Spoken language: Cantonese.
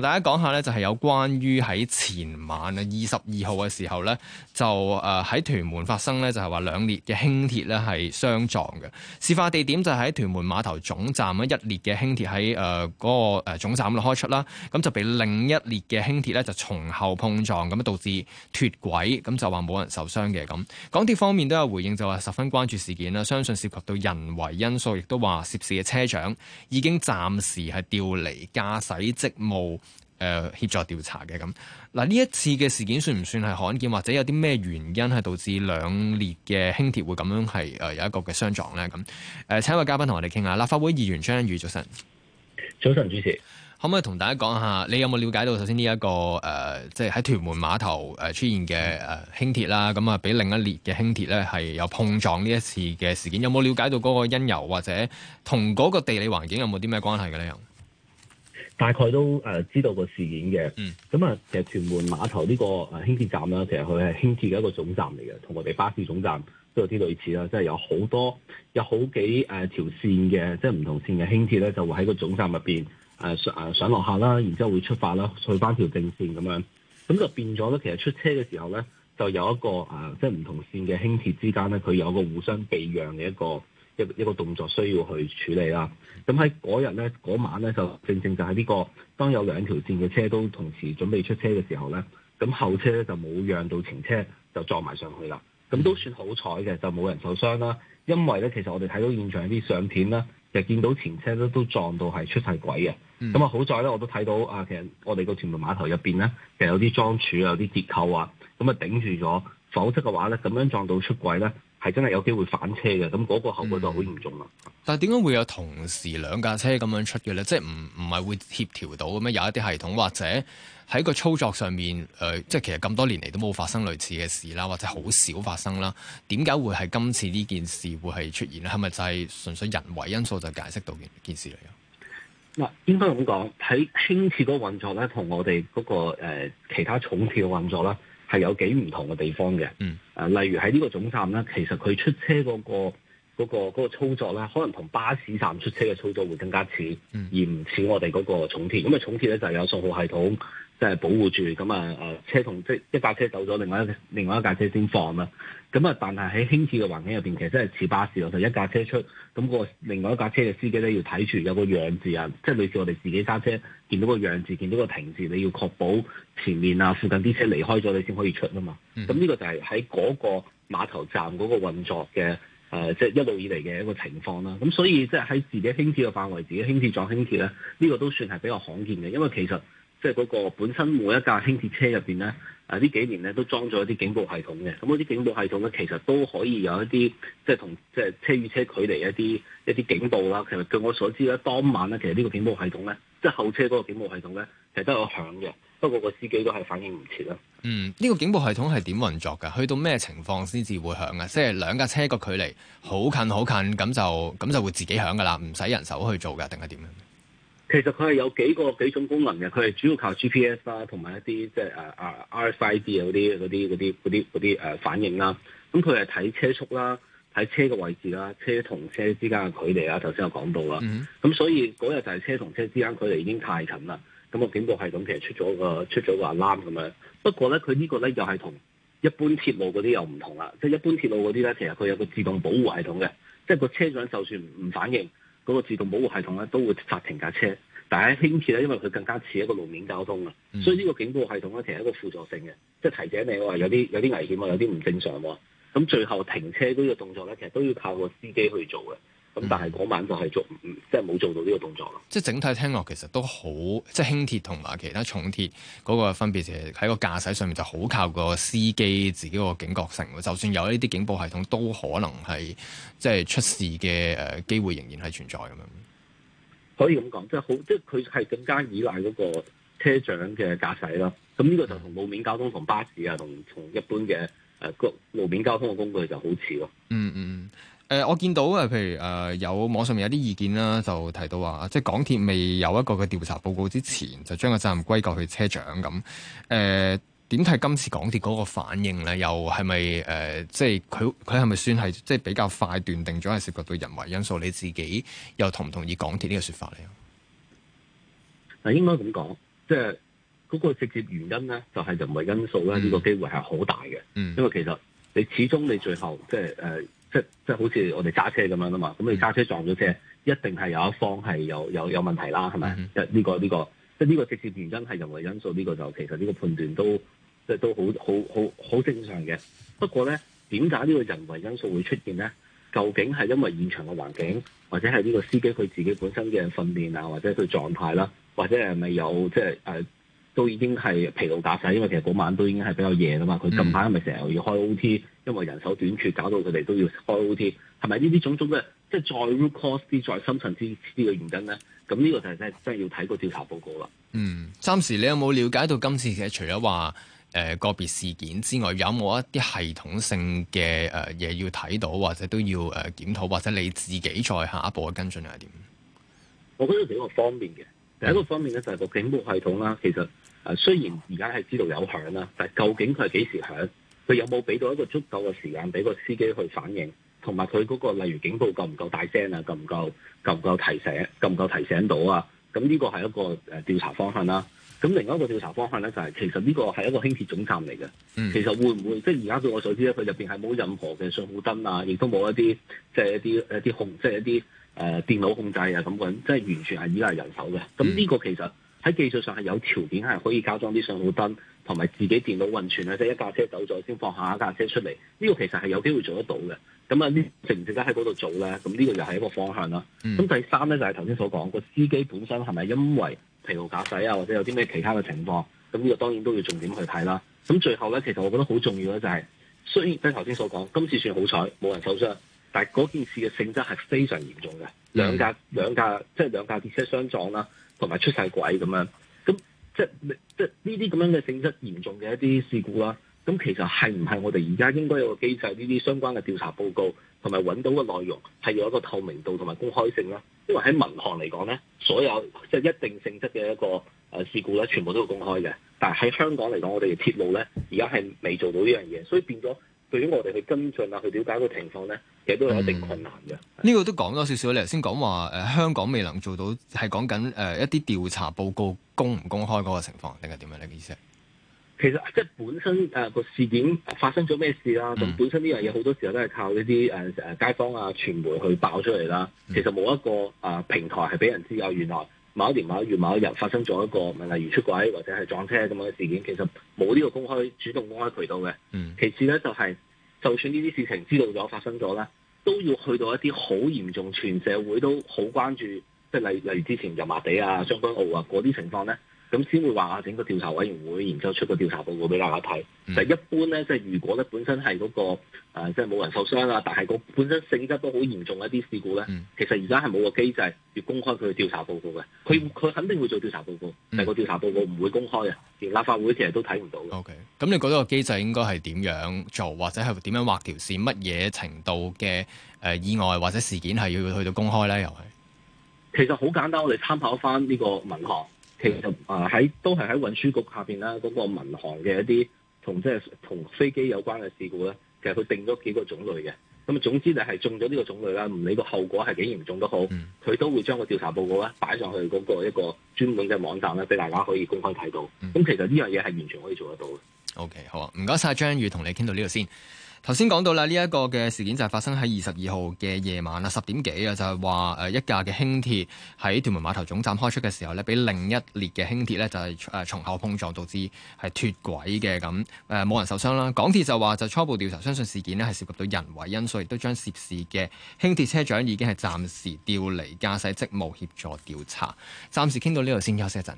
同大家講下咧，就係有關於喺前晚啊，二十二號嘅時候咧，就誒喺屯門發生呢，就係話兩列嘅輕鐵咧係相撞嘅。事發地點就喺屯門碼頭總站啊，一列嘅輕鐵喺誒嗰個誒總站度開出啦，咁就被另一列嘅輕鐵咧就從後碰撞咁，導致脱軌，咁就話冇人受傷嘅咁。港鐵方面都有回應，就話十分關注事件啦，相信涉及到人為因素，亦都話涉事嘅車長已經暫時係調離駕駛職務。誒協助調查嘅咁，嗱呢一次嘅事件算唔算係罕見，或者有啲咩原因係導致兩列嘅輕鐵會咁樣係誒、呃、有一個嘅相撞咧？咁誒、呃、請一位嘉賓同我哋傾下，立法會議員張欣宇，早晨。早晨，早主持，可唔可以同大家講下，你有冇了解到首先呢、這、一個誒，即係喺屯門碼頭誒出現嘅誒輕鐵啦，咁啊俾另一列嘅輕鐵咧係有碰撞呢一次嘅事件，有冇了解到嗰個因由，或者同嗰個地理環境有冇啲咩關係嘅呢？大概都誒知道個事件嘅，咁啊、嗯，其實屯門碼頭呢個誒輕鐵站啦，其實佢係輕鐵嘅一個總站嚟嘅，同我哋巴士總站都有啲類似啦，即係有好多有好幾誒條線嘅，即係唔同線嘅輕鐵咧，就會喺個總站入邊誒上誒、呃、上落客啦，然之後會出發啦，去翻條正線咁樣，咁就變咗咧，其實出車嘅時候咧，就有一個誒、呃、即係唔同線嘅輕鐵之間咧，佢有個互相避讓嘅一個。一一個動作需要去處理啦。咁喺嗰日呢，嗰、那個、晚呢，就正正就喺呢、這個，當有兩條線嘅車都同時準備出車嘅時候呢，咁後車呢就冇讓到前車，就撞埋上去啦。咁都算好彩嘅，就冇人受傷啦。因為呢，其實我哋睇到現場啲相片啦，就實見到前車呢都撞到係出晒軌嘅。咁啊、嗯、好在呢，我都睇到啊，其實我哋個屯門碼頭入邊呢，其實有啲樁柱啊，有啲結構啊，咁啊頂住咗。否則嘅話呢，咁樣撞到出軌呢。係真係有機會反車嘅，咁嗰個後果就好嚴重啦、嗯。但係點解會有同時兩架車咁樣出嘅咧？即係唔唔係會協調到咁咩？有一啲系統或者喺個操作上面，誒、呃，即係其實咁多年嚟都冇發生類似嘅事啦，或者好少發生啦。點解會係今次呢件事會係出現咧？係咪就係純粹人為因素就解釋到件事嚟啊？嗱，應該咁講，喺輕鐵個運作咧，同我哋嗰、嗰個、呃、其他重鐵嘅運作啦。係有幾唔同嘅地方嘅，誒、啊，例如喺呢個總站咧，其實佢出車嗰個嗰個嗰個操作咧，可能同巴士站出車嘅操作會更加似，而唔似我哋嗰個重鐵。咁啊，重鐵咧就係有信號系統。即係保護住咁啊！誒、呃、車同即一架車走咗，另外一另外一架車先放啦。咁啊，但係喺輕鐵嘅環境入邊，其實真係似巴士，我就是、一架車出，咁個另外一架車嘅司機咧要睇住有個讓字啊，即係類似我哋自己揸車見到個讓字，見到個停字，你要確保前面啊附近啲車離開咗，你先可以出啊嘛。咁呢、嗯、個就係喺嗰個碼頭站嗰個運作嘅誒，即、呃、係、就是、一路以嚟嘅一個情況啦。咁所以即係喺自己輕鐵嘅範圍，自己輕鐵撞輕鐵咧，呢、這個都算係比較罕見嘅，因為其實。即係嗰、那個本身每一架輕鐵車入邊咧，誒、啊、呢幾年咧都裝咗一啲警報系統嘅。咁嗰啲警報系統咧，其實都可以有一啲即係同即係車與車距離一啲一啲警報啦。其實據我所知咧，當晚咧其實呢個警報系統咧，即係後車嗰個警報系統咧，其實都有響嘅。不過個司機都係反應唔切啦。嗯，呢、這個警報系統係點運作㗎？去到咩情況先至會響啊？即係兩架車個距離好近好近，咁就咁就，就會自己響㗎啦，唔使人手去做㗎，定係點樣？其實佢係有幾個幾種功能嘅，佢係主要靠 GPS 啦，同埋一啲即係誒啊 RFID 啊嗰啲嗰啲啲啲啲誒反應啦。咁佢係睇車速啦，睇車嘅位置啦，車同車之間嘅距離啦。頭先我講到啦，咁、嗯、所以嗰日就係車同車之間距離已經太近啦。咁個，個警告系統其實出咗個出咗個話啱咁樣。不過咧，佢呢個咧又係同一般鐵路嗰啲又唔同啦。即、就、係、是、一般鐵路嗰啲咧，其實佢有個自動保護系統嘅，即係個車長就算唔反應。嗰個自動保護系統咧都會剎停架車，但係喺輕鐵咧，因為佢更加似一個路面交通啊，嗯、所以呢個警報系統咧其實係一個輔助性嘅，即係提醒你話有啲有啲危險啊，有啲唔正常喎。咁最後停車嗰個動作咧，其實都要靠個司機去做嘅。咁、嗯、但係嗰晚就係做即係冇做到呢個動作咯。即係、嗯嗯、整體聽落其實都好，即係輕鐵同埋其他重鐵嗰個分別就係喺個駕駛上面，就好靠個司機自己個警覺性，就算有呢啲警報系統，都可能係即係出事嘅誒機會仍然係存在咁樣。可以咁講，即係好，即係佢係更加依賴嗰個車長嘅駕駛啦。咁呢個就同路面交通同巴士啊，同同一般嘅誒個路面交通嘅工具就好似咯。嗯嗯。誒、呃，我見到啊，譬如誒、呃，有網上面有啲意見啦，就提到話，即係港鐵未有一個嘅調查報告之前，就將個責任歸咎去車長咁。誒，點、呃、睇今次港鐵嗰個反應咧？又係咪誒？即係佢佢係咪算係即係比較快斷定咗係涉及到人為因素？你自己又同唔同意港鐵呢個説法咧？嗱，應該咁講，即係嗰、嗰個直接原因咧，就係、係、人為因素啦。呢、就係嗯、個機會係好大嘅，嗯、因為其實你始終你最後即係誒。呃即即好似我哋揸車咁樣啦嘛，咁你揸車撞咗車，一定係有一方係有有有問題啦，係咪？即呢、mm hmm. 呢個呢、呢個，即呢個直接原因係人為因素，呢、呢個就其實呢個判斷都即都好好好好正常嘅。不過咧，點解呢個人為因素會出現咧？究竟係因為現場嘅環境，或者係呢個司機佢自己本身嘅訓練啊，或者佢狀態啦，或者係咪有即誒？呃都已經係疲勞駕駛，因為其實嗰晚都已經係比較夜噶嘛。佢近排係咪成日要開 O.T.，、嗯、因為人手短缺，搞到佢哋都要開 O.T.，係咪呢啲種種嘅即係再 root cause 啲、再深層啲呢個原因咧？咁呢個就真係真係要睇個調查報告啦。嗯，暫時你有冇了解到今次其實除咗話誒個別事件之外，有冇一啲系統性嘅誒嘢要睇到，或者都要誒檢討，或者你自己再下一步嘅跟進又係點？我覺得比較方便嘅。第一個方面咧就係、是、個警報系統啦，其實誒、呃、雖然而家係知道有響啦，但究竟佢係幾時響？佢有冇俾到一個足夠嘅時間俾個司機去反應？同埋佢嗰個例如警報夠唔夠大聲啊？夠唔夠夠唔夠提醒？夠唔夠提醒到啊？咁、嗯、呢、呢個係一個誒調、呃、查方向啦、啊。咁另外一個調查方向咧、就係，就係其實呢個係一個輕鐵總站嚟嘅。嗯、其實會唔會即係而家據我所知咧，佢入邊係冇任何嘅信號燈啊，亦都冇一啲即係一啲一啲控、呃，電腦控制啊咁樣，即係完全係依賴人手嘅。咁呢、嗯、個其實喺技術上係有條件係可以加裝啲信號燈同埋自己電腦運存。啊，即係一架車走咗先放下一架車出嚟。呢、呢個其實係有機會做得到嘅。咁啊，呢值唔值得喺嗰度做咧？咁呢個又係一個方向啦。咁、嗯、第三咧就係頭先所講個司機本身係咪因為？疲勞駕駛啊，或者有啲咩其他嘅情況，咁呢個當然都要重點去睇啦。咁最後咧，其實我覺得好重要咧，就是，就係雖然即頭先所講，今次算好彩，冇人受傷，但係嗰件事嘅性質係非常嚴重嘅，兩架兩架即係兩架列車相撞啦，同埋出晒軌咁樣，咁即係即係呢啲咁樣嘅性質嚴重嘅一啲事故啦。咁其實係唔係我哋而家應該有個機制呢啲相關嘅調查報告？同埋揾到嘅內容係有一個透明度同埋公開性啦，因為喺民航嚟講咧，所有即係一定性質嘅一個誒事故咧，全部都要公開嘅。但係喺香港嚟講，我哋嘅鐵路咧，而家係未做到呢樣嘢，所以變咗對於我哋去跟進啊，去了解個情況咧，其實都有一定困難嘅。呢、嗯、的個都講咗少少，你頭先講話誒香港未能做到，係講緊誒一啲調查報告公唔公開嗰個情況定係點樣咧，你嘅意思？其實即係本身誒個、呃、事件發生咗咩事啦、啊，咁、嗯、本身呢樣嘢好多時候都係靠呢啲誒誒街坊啊、傳媒去爆出嚟啦。嗯、其實冇一個啊、呃、平台係俾人知啊，原來某一年某一月某一日發生咗一個，例如出軌或者係撞車咁樣嘅事件，其實冇呢個公開主動公開渠道嘅。嗯、其次咧，就係、是、就算呢啲事情知道咗發生咗咧，都要去到一啲好嚴重、全社會都好關注，即係例例如之前油麻地啊、將軍澳啊嗰啲情況咧。咁先會話整個調查委員會，然之後出個調查報告俾大家睇，嗯。就一般咧，即係如果咧本身係嗰、那個即係冇人受傷啦，但係個本身性質都好嚴重一啲事故咧，嗯、其實而家係冇個機制要公開佢嘅調查報告嘅。佢佢、嗯、肯定會做調查報告，嗯、但係個調查報告唔會公開嘅，連立法會其實都睇唔到嘅。O K，咁你覺得個機制應該係點樣做，或者係點樣劃條線？乜嘢程度嘅誒、呃、意外或者事件係要去到公開咧？又係其實好簡單，我哋參考返呢個文學。其實啊喺、呃、都係喺運輸局下面啦，嗰、那個民航嘅一啲同即、就、係、是、同飛機有關嘅事故咧，其實佢定咗幾個種類嘅。咁啊，總之你係中咗呢個種類啦，唔理個後果係幾嚴重都好，佢、嗯、都會將個調查報告咧擺上去嗰個一個專門嘅網站咧，俾大家可以公開睇到。咁、嗯、其實呢樣嘢係完全可以做得到嘅。OK，好啊，唔該晒張欣宇，同你傾到呢度先。頭先講到啦，呢、這、一個嘅事件就係發生喺二十二號嘅夜晚啊，十點幾啊，就係話誒一架嘅輕鐵喺屯門碼頭總站開出嘅時候咧，俾另一列嘅輕鐵咧就係誒從後碰撞導致係脫軌嘅咁，誒冇、呃、人受傷啦。港鐵就話就初步調查，相信事件咧係涉及到人為因素，亦都將涉事嘅輕鐵車長已經係暫時調離駕駛職，職務協助調查。暫時傾到呢度先，休息一陣。